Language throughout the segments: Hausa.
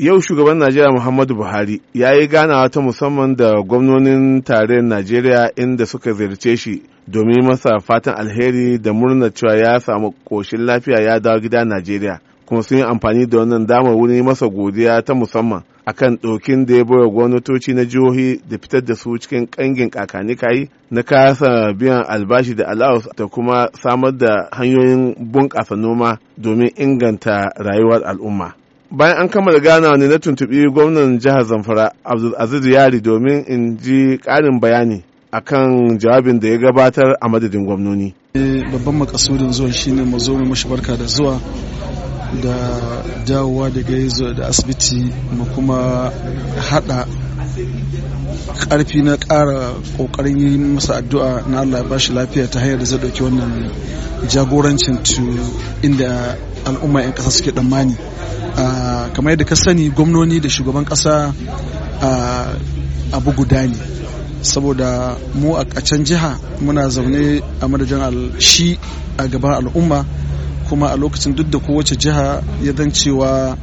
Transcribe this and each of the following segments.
yau shugaban najeriya muhammadu buhari ya yi ganawa ta musamman da gwamnonin tarayyar najeriya inda suka ziyarce shi domin masa fatan alheri da murna cewa ya samu koshin lafiya ya dawo gida najeriya kuma sun yi amfani da wannan damar wurin masa godiya ta musamman akan ɗokin da ya baiwa gwamnatoci na jihohi da fitar da su cikin ƙangin kakani na kasa biyan albashi da allowance da kuma samar da hanyoyin bunƙasa noma domin inganta rayuwar al'umma bayan an kammala gana ne na tuntubi gwamnan jihar zamfara abdulaziz yari domin in ji ƙarin bayani akan jawabin da ya gabatar a madadin gwamnoni eh, babban makasudin zuwa shine mu zo mu mashi barka da zuwa da dawowa daga zuwa da asibiti mu kuma hada karfi na ƙara ƙoƙarin yi masa addu'a na Allah ya bashi lafiya ta hanyar da zai ɗauki wannan jagorancin to inda al'umma 'yan ƙasa suke tsammani kamar yadda ka sani gwamnoni da shugaban ƙasa abu guda ne saboda mu a can jiha muna zaune a madajin shi a gaban al'umma kuma a lokacin duk da kowace jiha ya zan cewa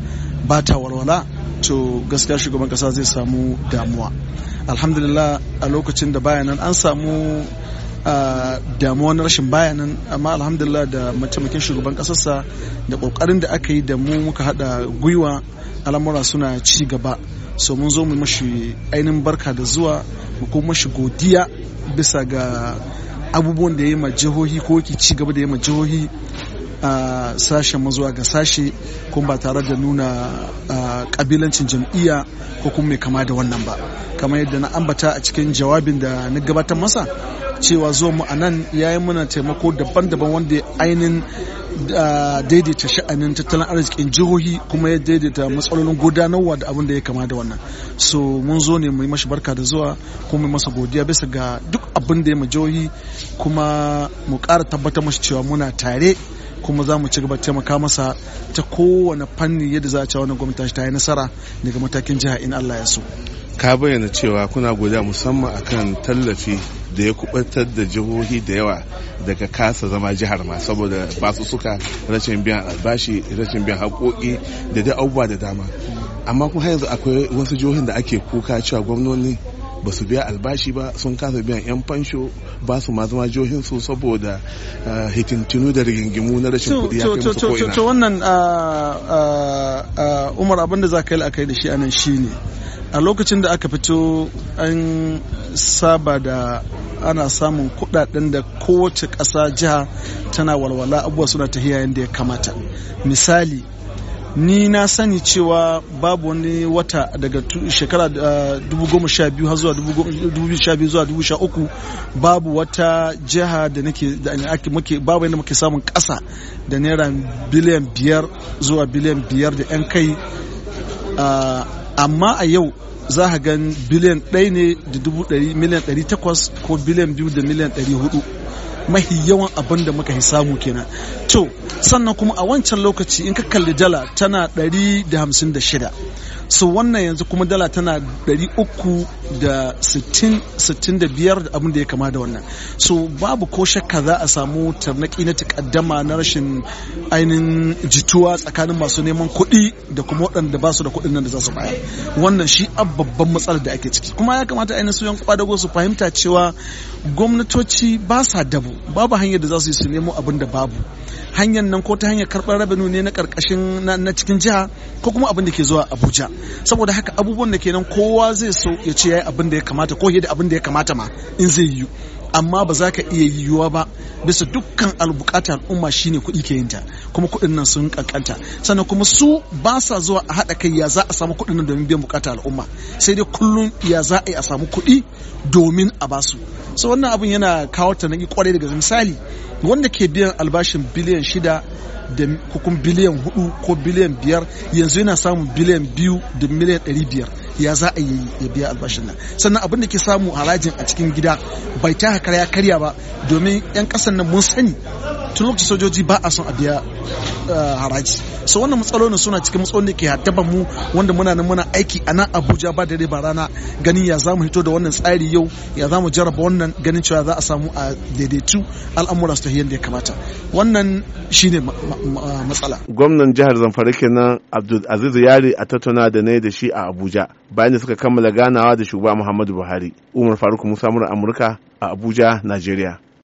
ba ta walwala to gaskiya shugaban ƙasa zai samu damuwa alhamdulillah a lokacin da bayanan an samu damuwa na rashin bayanan amma alhamdulillah da mataimakin shugaban kasarsa da kokarin da aka yi da mu muka hada gwiwa al'amura suna ci gaba so mun zo mu mashi ainihin barka da zuwa mu kuma mashi godiya bisa ga abubuwan da ya yi ma jihohi ko ki ci gaba da ya yi ma jihohi a sashen mazuwa ga sashe kuma ba tare da nuna kabilancin jam'iyya ko kuma mai kama da wannan ba kamar yadda na ambata a cikin jawabin da na gabatar masa cewa zuwa mu anan yi muna taimako daban-daban wanda ainihin daidaita sha'anin tattalin arzikin jihohi kuma ya daidaita matsalolin gudanarwa da abin da ya kama da wannan so mun zo ne mu yi mashi barka da zuwa kuma mu masa godiya bisa ga duk abin da ya jihohi kuma mu ƙara tabbatar mashi cewa muna tare kuma za mu ci gaba taimaka masa ta kowane fanni yadda za a cewa wannan gwamnati ta yi nasara daga matakin jiha in Allah ya so ka bayyana cewa kuna godiya musamman akan tallafi da ya kubatar da jihohi da yawa daga kasa zama jihar ma saboda basu suka rashin biyan albashi rashin biyan haƙoƙi da dai abubuwa da dama amma kuma yanzu akwai wasu jihohin da ake kuka cewa gwamnoni ba su biya albashi ba sun kasa biyan 'yan fansho ba su ma zama jihohin su saboda eh, hitintinu da rigingimu na rashin kuɗi ya kai musu ko'ina. To wannan ah, ah, ah, Umar abin da za ka yi la'akari da shi anan shi ne a lokacin da aka fito an saba da ana samun kudaden da kowace ƙasa jiha tana walwala abubuwa suna tafiya yadda ya kamata misali ni na sani cewa babu wani wata daga shekara 2012 ah, zuwa 2012 zuwa 2013 babu wata jiha da nake da ake muke babu yadda muke samun ƙasa da naira biliyan biyar zuwa biliyan biyar da 'yan kai ah, amma a yau za ka gan biliyan ɗaya ne da dubu ɗari miliyan ɗari takwas ko biliyan biyu da miliyan ɗari hudu mahi yawan abin da muka samu kenan to sannan kuma a wancan lokaci in ka kalli dala tana ɗari da hamsin da shida so wannan yanzu kuma dala tana 365 abin da ya kama da wannan so babu ko shakka za a samu tarnaki na takaddama na rashin ainihin jituwa tsakanin masu neman kuɗi da kuma waɗanda ba su da kuɗin nan da za su bayar wannan shi a babban matsalar da ake ciki kuma ya kamata ainihin su yan kwadago su fahimta cewa gwamnatoci ba sa dabo babu hanyar da za su yi su nemo abin da babu hanyar nan ko ta hanyar karɓar rabinu ne na ƙarƙashin na cikin jiha ko kuma abin da ke zuwa abuja saboda haka abubuwan da kenan kowa zai so ya ce ya yi abin da ya kamata ko da abin da ya kamata ma in zai yi amma ba za ka iya yiwuwa ba bisa dukkan albukatar al'umma shine kuɗi ke yinta kuma kuɗin nan sun kankanta sannan kuma su ba sa zuwa a haɗa kai ya za a samu kuɗin nan domin biyan bukatar al'umma sai dai kullum ya za a yi a samu kuɗi domin a basu so wannan abin yana kawo tanaki kwarai daga misali wanda ke biyan albashin biliyan shida da kukun biliyan hudu ko biliyan biyar yanzu yana samun biliyan biyu da miliyan ɗari biyar ya za a yi ya biya albashin nan sannan abin da ke samu harajin a cikin gida bai ta ya karya ba domin 'yan ƙasan nan mun sani tun lokacin sojoji ba a son a biya eh, haraji so wannan matsalolin suna cikin matsalolin da ke haddaba mu wanda muna nan muna aiki a nan abuja ba dare ba rana ganin ya za mu hito da wannan tsari yau ya za mu jarraba wannan ganin cewa za a samu a daidaitu al'amura su da ya kamata wannan shine matsala gwamnan jihar zamfara kenan abdul aziz yari a tattauna da ne da shi a abuja bayan da suka kammala ganawa da shugaba muhammadu buhari umar faruk musa amurka a abuja najeriya